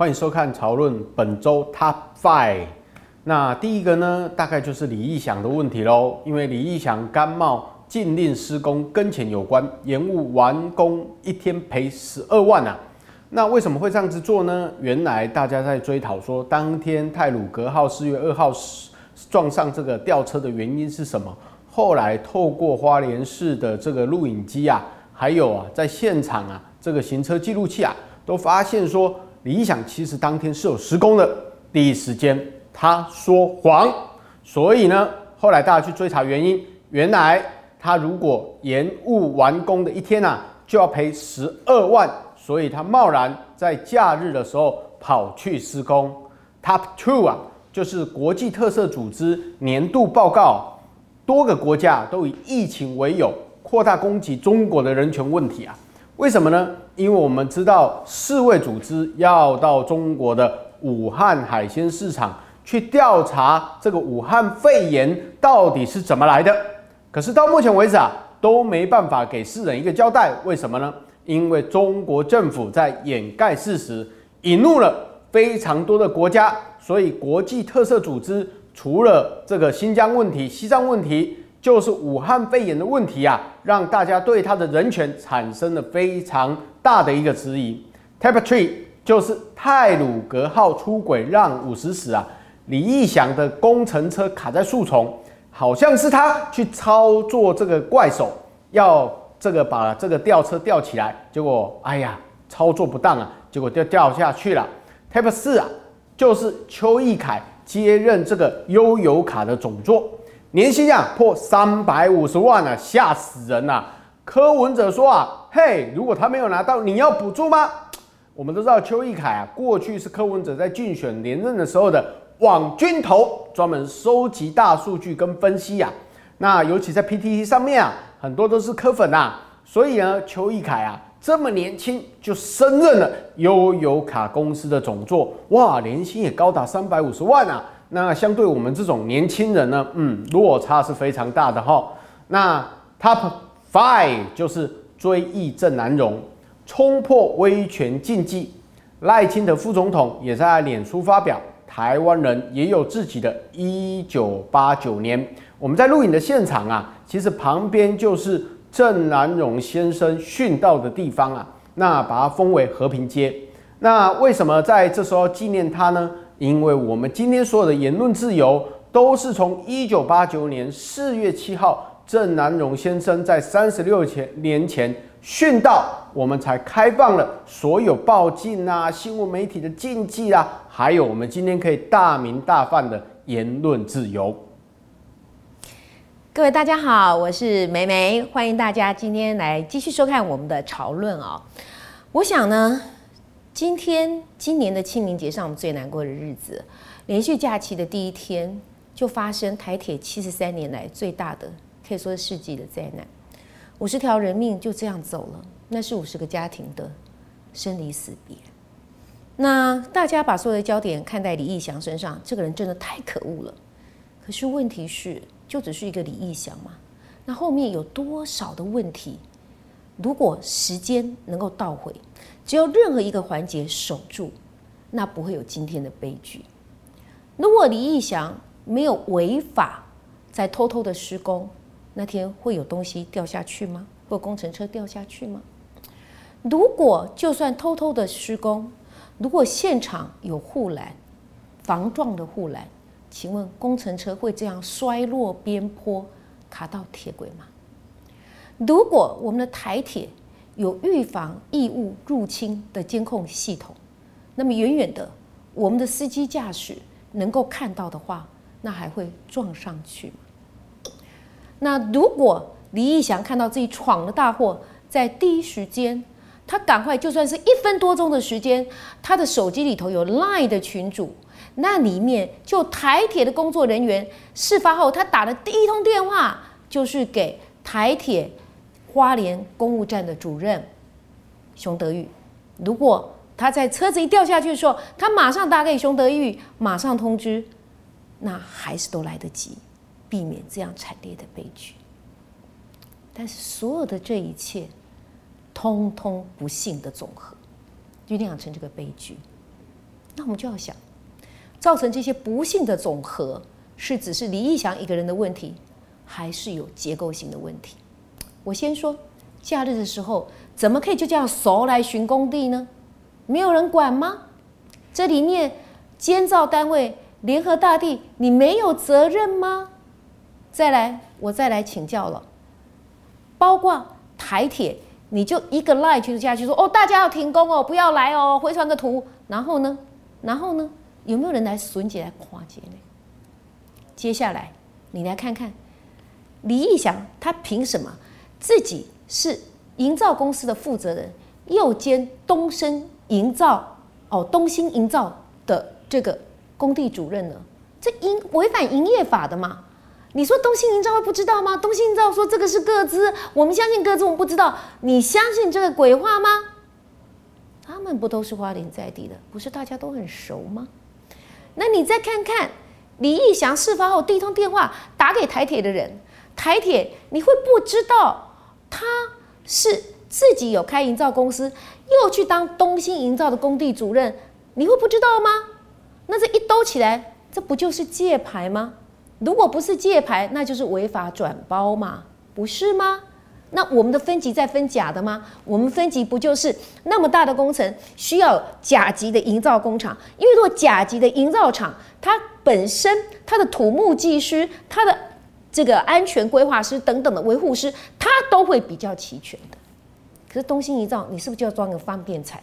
歡迎收看《潮論》本周 Top Five。那第一個呢，大概就是李義祥的問題嘍，因為李義祥甘冒禁令施工跟錢有關，延誤完工一天賠十二萬吶、啊。那為什麼會這樣子做呢？原來大家在追討說，當天太魯閣號四月二號撞上這個吊車的原因是什麼？後來透過花蓮市的這個錄影機啊，還有啊，在現場啊，這個行車記錄器啊，都發現說。李義祥其實當天是有施工的，第一時間他說謊，所以呢，後來大家去追查原因，原來他如果延誤完工的一天啊，就要賠十二萬，所以他貿然在假日的時候跑去施工。Top two 啊，就是國際特赦組織年度報告，多個國家都以疫情為由擴大攻擊中國的人權問題啊。為什麼呢？因為我們知道世衛組織要到中國的武漢海鮮市場去調查這個武漢肺炎到底是怎麼來的，可是到目前為止啊，都沒辦法給世人一個交代。為什麼呢？因為中國政府在掩蓋事實，引怒了非常多的國家，所以國際特色組織除了這個新疆問題、西藏問題。就是武漢肺炎的問題啊，讓大家對他的人權產生了非常大的一個質疑。Top three 就是太魯閣號出軌，讓五十死啊。李義祥的工程車卡在樹叢，好像是他去操作這個怪手，要這個把這個吊車吊起來，結果哎呀，操作不當啊，結果就掉下去了。Top 四啊，就是邱昱凱接任這個悠遊卡的總座。年薪啊破三百五十萬了、啊，嚇死人吶、啊！柯文哲說啊，嘿，如果他沒有拿到，你要補助嗎？我們都知道邱昱凱啊，過去是柯文哲在競選連任的時候的網軍頭，專門收集大數據跟分析呀、啊。那尤其在 PTT 上面啊，很多都是柯粉吶、啊。所以呢，邱昱凱啊，這麼年輕就升任了悠遊卡公司的總座，哇，年薪也高達三百五十萬啊！那相對我們這種年輕人呢，嗯，落差是非常大的哈。那 Top Five 就是追憶鄭南榕，衝破威權禁忌。賴清德副總統也在臉書發表，台灣人也有自己的1989年。我們在錄影的現場啊，其實旁邊就是鄭南榕先生殉道的地方啊。那把它封為和平街。那為什麼在這時候紀念他呢？因為我們今天所有的言論自由，都是從一九八九年四月七號，鄭南榕先生在三十六前年前殉道，我們才開放了所有報禁啊、新聞媒體的禁忌啊，還有我們今天可以大鳴大放的言論自由。各位大家好，我是莓莓，歡迎大家今天來繼續收看我們的潮論哦。我想呢。今天，今年的清明節上，我們最難過的日子，連續假期的第一天，就發生台鐵七十三年來最大的，可以說是世紀的災難，五十條人命就這樣走了，那是五十個家庭的生離死別。那大家把所有的焦點看在李義祥身上，這個人真的太可惡了。可是問題是，就只是一個李義祥嗎？那後面有多少的問題？如果時間能夠倒回，只要任何一個環節守住，那不會有今天的悲劇。如果李義祥沒有違法在偷偷的施工，那天會有東西掉下去嗎？會有工程車掉下去嗎？如果就算偷偷的施工，如果現場有護欄、防撞的護欄，請問工程車會這樣摔落邊坡，卡到鐵軌嗎？如果我們的台鐵有預防異物入侵的監控系統，那麼遠遠的我們的司機駕駛能夠看到的話，那還會撞上去嗎？那如果李義祥看到自己闖了大禍，在第一時間，他趕快就算是一分多鐘的時間，他的手機裡頭有 LINE 的群組，那裡面就台鐵的工作人員，事發後他打的第一通電話就是給台鐵。花蓮公務站的主任熊德玉，如果他在車子一掉下去的時候，他馬上打給熊德玉，馬上通知，那還是都來得及，避免這樣慘烈的悲劇。但是所有的這一切，通通不幸的總和，就釀成這個悲劇。那我們就要想，造成這些不幸的總和，是只是李義祥一個人的問題，還是有結構性的問題？我先說，假日的時候怎麼可以就這樣熟來巡工地呢？沒有人管嗎？這裡面監造單位聯合大地，你沒有責任嗎？再來，我再來請教了，包括台鐵，你就一個賴就下去說哦，大家要停工哦，不要來哦，回傳個圖，然後呢，然後呢，有沒有人來損解來跨解呢？接下來你來看看李義祥，他憑什麼？自己是營造公司的負責人，又兼東昇營造、哦東新營造的這個工地主任呢，這營違反營業法的嗎？你說東新營造會不知道嗎？東新營造說這個是各自，我們相信各自，我們不知道，你相信這個鬼話嗎？他們不都是花蓮在地的，不是大家都很熟嗎？那你再看看李義祥事發後第一通電話打給台鐵的人，台鐵你會不知道？他是自己有開營造公司，又去當東興營造的工地主任，你會不知道嗎？那這一兜起來，這不就是借牌嗎？如果不是借牌，那就是違法轉包嘛，不是嗎？那我們的分級再分假的嗎？我們分級不就是那麼大的工程需要甲級的營造工廠？因為做甲級的營造廠，它本身它的土木技師，它的。這個安全規劃師等等的維護師，他都會比較齊全的。可是東新營造，你是不是就要裝個方便財？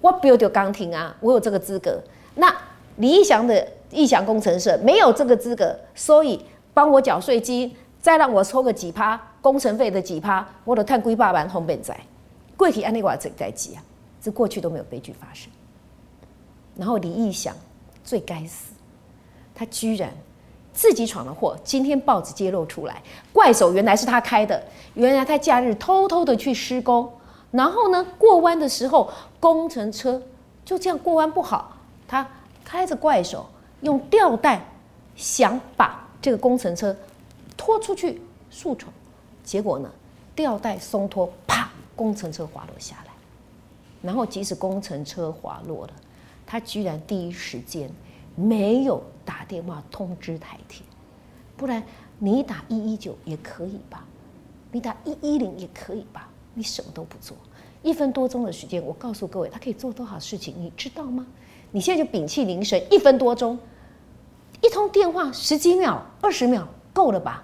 我不要 i 鋼亭啊，我有這個資格。那李義祥的義祥工程社沒有這個資格，所以幫我繳稅金，再讓我抽個幾趴工程費的幾趴，我的碳龜巴板紅本在貴體安尼個仔該幾啊？這過去都沒有悲劇發生。然後李義祥最該死，他居然。自己闖的禍，今天報紙揭露出來，怪手原來是他開的。原來他假日偷偷的去施工，然後呢，過彎的時候工程車就這樣過彎不好，他開着怪手用吊帶想把這個工程車拖出去，樹叢。結果呢，吊帶鬆脫，啪，工程車滑落下來。然後即使工程車滑落了，他居然第一時間沒有。打電話通知台鐵，不然你打一一九也可以吧？你打一一零也可以吧？你什麼都不做，一分多鐘的時間，我告訴各位，他可以做多少事情，你知道嗎？你現在就屏氣凝神，一分多鐘，一通電話十幾秒、二十秒夠了吧？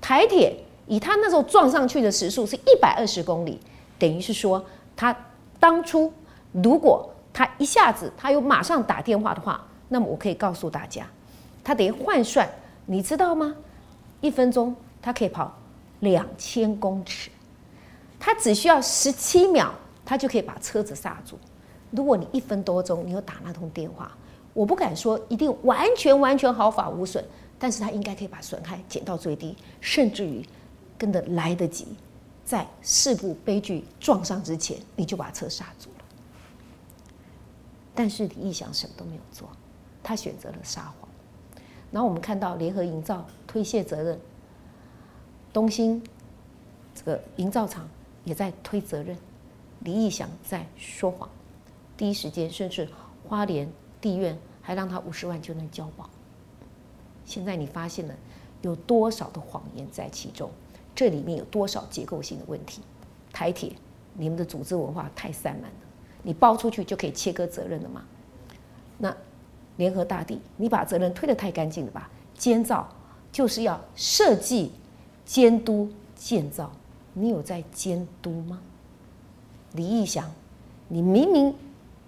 台鐵以他那時候撞上去的時速是一百二十公里，等於是說，他當初如果他一下子他又馬上打電話的話。那麼我可以告訴大家，他得換算，你知道嗎？一分鐘他可以跑兩千公尺，他只需要十七秒，他就可以把車子剎住。如果你一分多鐘，你又打那通電話，我不敢說一定完全完全毫髮無損，但是他應該可以把損害減到最低，甚至於跟得來得及，在事故悲劇撞上之前，你就把車剎住了。但是李義祥什麼都沒有做。他選擇了撒謊，然後我們看到聯合營造推卸責任，東興這個營造廠也在推責任，李義祥在說謊，第一時間甚至花蓮地院還讓他五十萬就能交保。現在你發現了有多少的謊言在其中？這裡面有多少結構性的問題？台鐵，你們的組織文化太散漫了，你包出去就可以切割責任了嗎？那？聯合大地，你把責任推得太乾淨了吧？監造就是要設計、監督、建造，你有在監督嗎？李義祥，你明明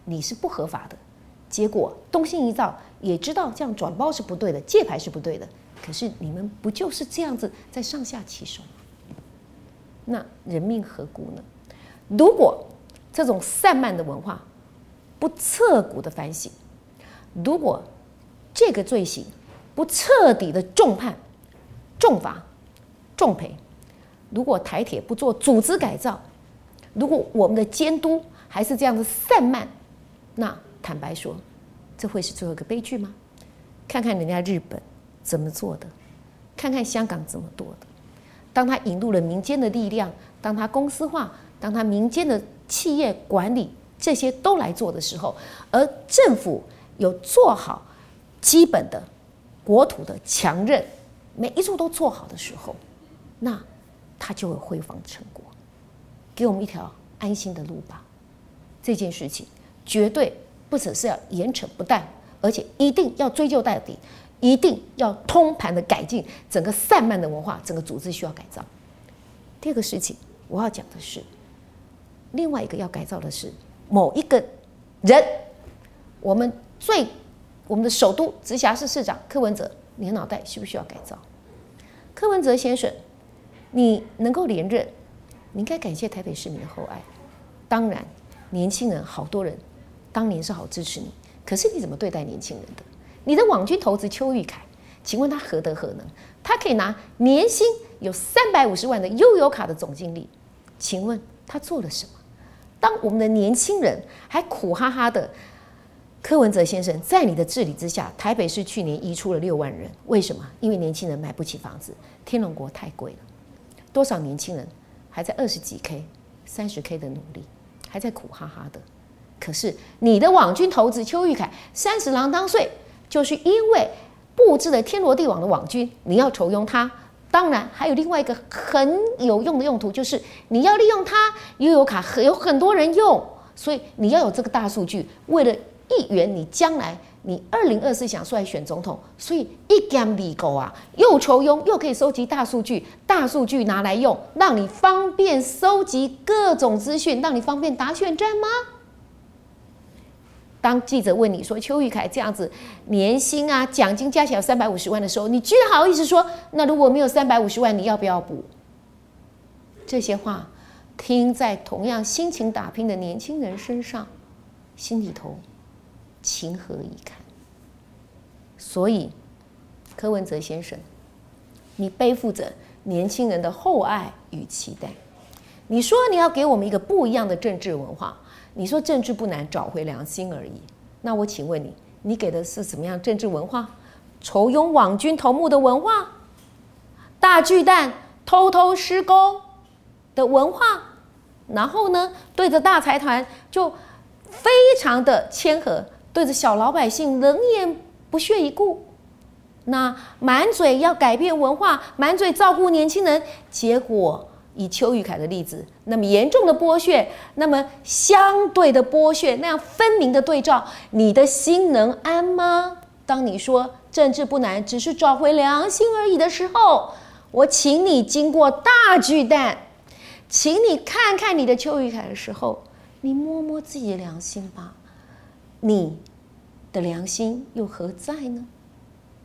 你是不合法的，結果東新營造也知道這樣轉包是不對的，借牌是不對的，可是你們不就是這樣子在上下其手嗎？那人命何辜呢？如果這種散漫的文化不徹骨的反省。如果這個罪行不徹底的重判、重罰、重賠，如果台鐵不做組織改造，如果我們的監督還是這樣子散漫，那坦白說，這會是最後一個悲劇嗎？看看人家日本怎麼做的，看看香港怎麼做的。當他引入了民間的力量，當他公司化，當他民間的企業管理這些都來做的時候，而政府。有做好基本的國土的強韌，每一處都做好的時候，那它就會輝煌成果，給我們一條安心的路吧。這件事情絕對不只是要嚴懲不貸，而且一定要追究到底，一定要通盤的改進整個散漫的文化，整個組織需要改造。第二個事情，我要講的是另外一個要改造的是某一個人，我們。所以，我們的首都直轄市市長柯文哲，你的腦袋需不需要改造？柯文哲先生，你能夠連任，你應該感謝台北市民的厚愛。當然，年輕人好多人，當年是好支持你，可是你怎麼對待年輕人的？你的網軍頭子邱昱凱，請問他何德何能？他可以拿年薪有三百五十萬的悠遊卡的總經理，請問他做了什麼？當我們的年輕人還苦哈哈的。柯文哲先生，在你的治理之下，台北市去年移出了六萬人。為什麼？因為年輕人買不起房子，天龍國太貴了。多少年輕人還在二十幾 K、三十 K 的努力，還在苦哈哈的。可是你的網軍頭子邱昱凱三十郎當歲，就是因為布置了天羅地網的網軍。你要重用他，當然還有另外一個很有用的用途，就是你要利用他悠遊卡，有很多人用，所以你要有這個大數據，為了。一元，你將來你二零二四想出來選總統，所以一槍利勾啊，又酬庸又可以收集大數據，大數據拿來用，讓你方便收集各種資訊，讓你方便打選戰嗎？當記者問你說邱昱凱這樣子年薪啊獎金加起來有三百五十萬的時候，你居然好意思說，那如果沒有三百五十萬，你要不要補？這些話聽在同樣辛勤打拼的年輕人身上，心裡頭。情何以堪？所以，柯文哲先生，你背負着年輕人的厚愛與期待，你說你要給我們一個不一樣的政治文化，你說政治不難，找回良心而已。那我請問你，你給的是什麼樣的政治文化？酬庸網軍頭目的文化？大巨蛋偷偷施工的文化？然後呢，對着大財團就非常的謙和。對着小老百姓冷眼不屑一顧，那滿嘴要改變文化，滿嘴照顧年輕人，結果以邱昱凱的例子，那麼嚴重的剝削，那麼相對的剝削，那樣分明的對照，你的心能安嗎？當你說政治不難，只是找回良心而已的時候，我請你經過大巨蛋，請你看看你的邱昱凱的時候，你摸摸自己的良心吧，你。良心又何在呢？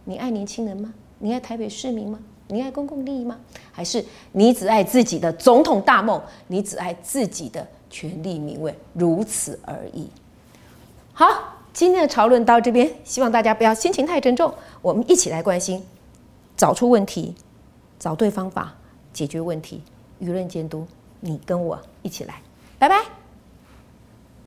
你愛年輕人嗎？你愛台北市民嗎？你愛公共利益嗎？還是你只愛自己的總統大夢？你只愛自己的權力名位，如此而已。好，今天的潮論到這邊，希望大家不要心情太沉重。我們一起來關心，找出問題，找對方法，解決問題。輿論監督，你跟我一起來，拜拜。